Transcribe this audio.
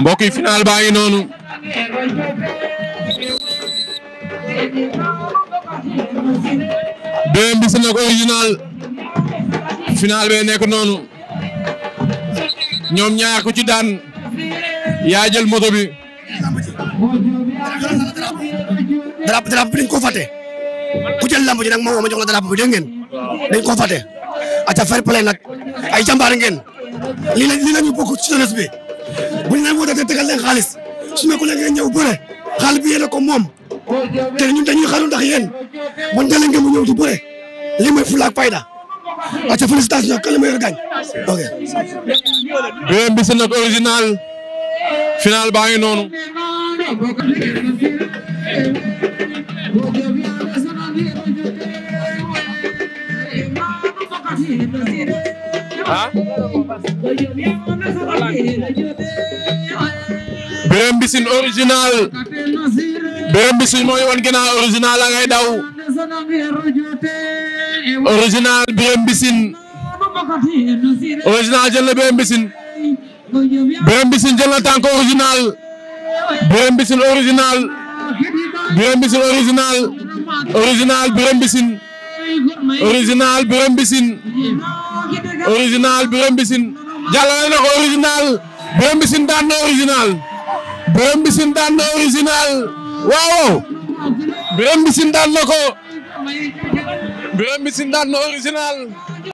mbokk yi final baa ngi noonu beneen bis nag original final bee nekk noonu ñoom ñaar ku ci daan yaa jël moto bi. drapeau drapeau bi dañ ko fàtte ku jël lamb ji nag moom ma jox la drapeau bi dégg ngeen dañ ko fàtte. aca fair play nag ay jàmbaar ngeen lii ci jeunesse bi. buñ leen woote tegal leen xaalis su ne ku leen ngeen ñëw xaal bi yéene ko moom te ñun dañuy xaru ndax yéen man da leen ngeen mu ñëw di bëre lii mooy fulla ak fayda aca félicitation kan la ma yor gaañ ok beneen bi ah Birame Mbissine original Birame Mbissine mooy woon ginnaaw original la ngay daw original Birame Mbissine original jël na Birame Mbissine Birame Mbissine jël na tànk original Birame Mbissine original Birame Mbissine original original Birame Mbissine original Birame Mbissine original Birame Mbissine jàllale na ko original Birame Mbissine daan na original Birame Mbissine daan na original waaw Birame Mbissine daan na ko Birame Mbissine daan na original